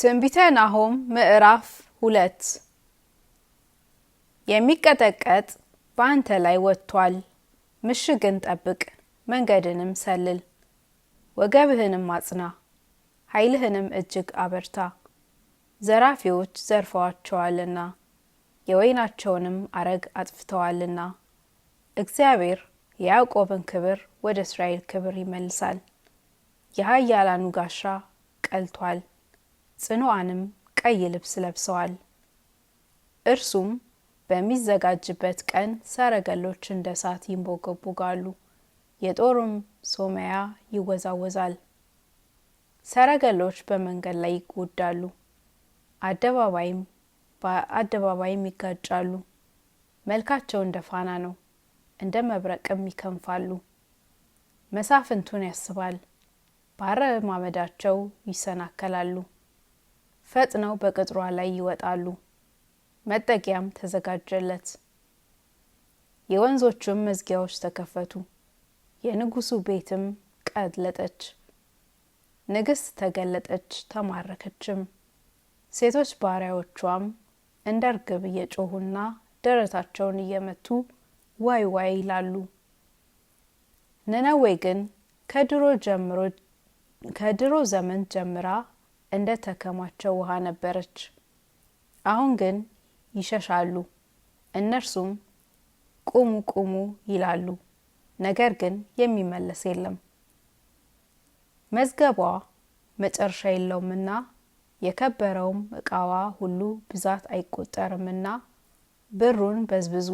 ትንቢተ ናሆም ምዕራፍ ሁለት የሚቀጠቀጥ በአንተ ላይ ወጥቷል። ምሽግን ጠብቅ፣ መንገድንም ሰልል፣ ወገብህንም አጽና፣ ኃይልህንም እጅግ አበርታ። ዘራፊዎች ዘርፈዋቸዋልና የወይናቸውንም አረግ አጥፍተዋልና። እግዚአብሔር የያዕቆብን ክብር ወደ እስራኤል ክብር ይመልሳል። የኃያላኑ ጋሻ ቀልቷል። ጽኑዓንም ቀይ ልብስ ለብሰዋል። እርሱም በሚዘጋጅበት ቀን ሰረገሎች እንደ እሳት ይንቦገቦጋሉ፣ የጦሩም ሶማያ ይወዛወዛል። ሰረገሎች በመንገድ ላይ ይጎዳሉ፣ አደባባይም በአደባባይም ይጋጫሉ። መልካቸው እንደ ፋና ነው፣ እንደ መብረቅም ይከንፋሉ። መሳፍንቱን ያስባል፣ በአረማመዳቸው ይሰናከላሉ። ፈጥነው በቅጥሯ ላይ ይወጣሉ፣ መጠጊያም ተዘጋጀለት። የወንዞቹም መዝጊያዎች ተከፈቱ፣ የንጉሱ ቤትም ቀለጠች። ንግስት ተገለጠች፣ ተማረከችም። ሴቶች ባሪያዎቿም እንደ ርግብ እየጮሁና ደረታቸውን እየመቱ ዋይ ዋይ ይላሉ። ነነዌ ግን ከድሮ ዘመን ጀምራ እንደ ተከማቸው ውሃ ነበረች። አሁን ግን ይሸሻሉ፣ እነርሱም ቁሙ ቁሙ ይላሉ፣ ነገር ግን የሚመለስ የለም። መዝገቧ መጨረሻ የለውምና የከበረውም እቃዋ ሁሉ ብዛት አይቆጠርምና ብሩን በዝብዙ፣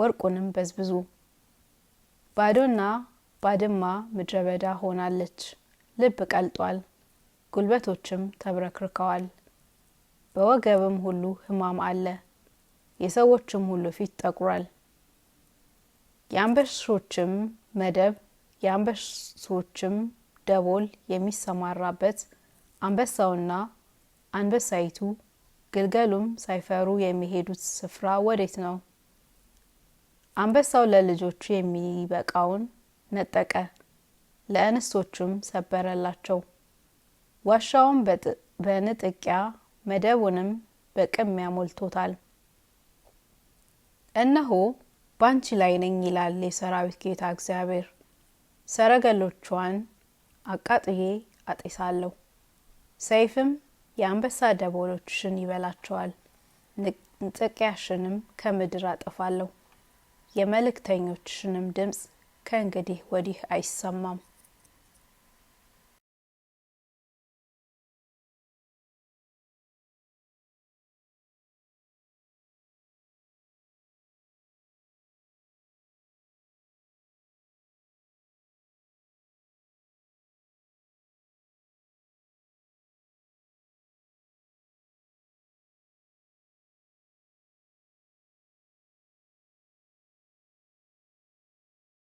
ወርቁንም በዝብዙ። ባዶና ባድማ ምድረ በዳ ሆናለች፣ ልብ ቀልጧል። ጉልበቶችም ተብረክርከዋል። በወገብም ሁሉ ህማም አለ፣ የሰዎችም ሁሉ ፊት ጠቁሯል። የአንበሶችም መደብ የአንበሶችም ደቦል የሚሰማራበት አንበሳውና አንበሳይቱ ግልገሉም ሳይፈሩ የሚሄዱት ስፍራ ወዴት ነው? አንበሳው ለልጆቹ የሚበቃውን ነጠቀ፣ ለእንስቶቹም ሰበረላቸው። ዋሻውን በንጥቂያ መደቡንም በቅሚያ ሞልቶታል። እነሆ ባንቺ ላይ ነኝ ይላል የሰራዊት ጌታ እግዚአብሔር፣ ሰረገሎቿን አቃጥዬ አጤሳለሁ፣ ሰይፍም የአንበሳ ደቦሎችሽን ይበላቸዋል፣ ንጥቂያሽንም ከምድር አጠፋለሁ፣ የመልእክተኞችሽንም ድምፅ ከእንግዲህ ወዲህ አይሰማም።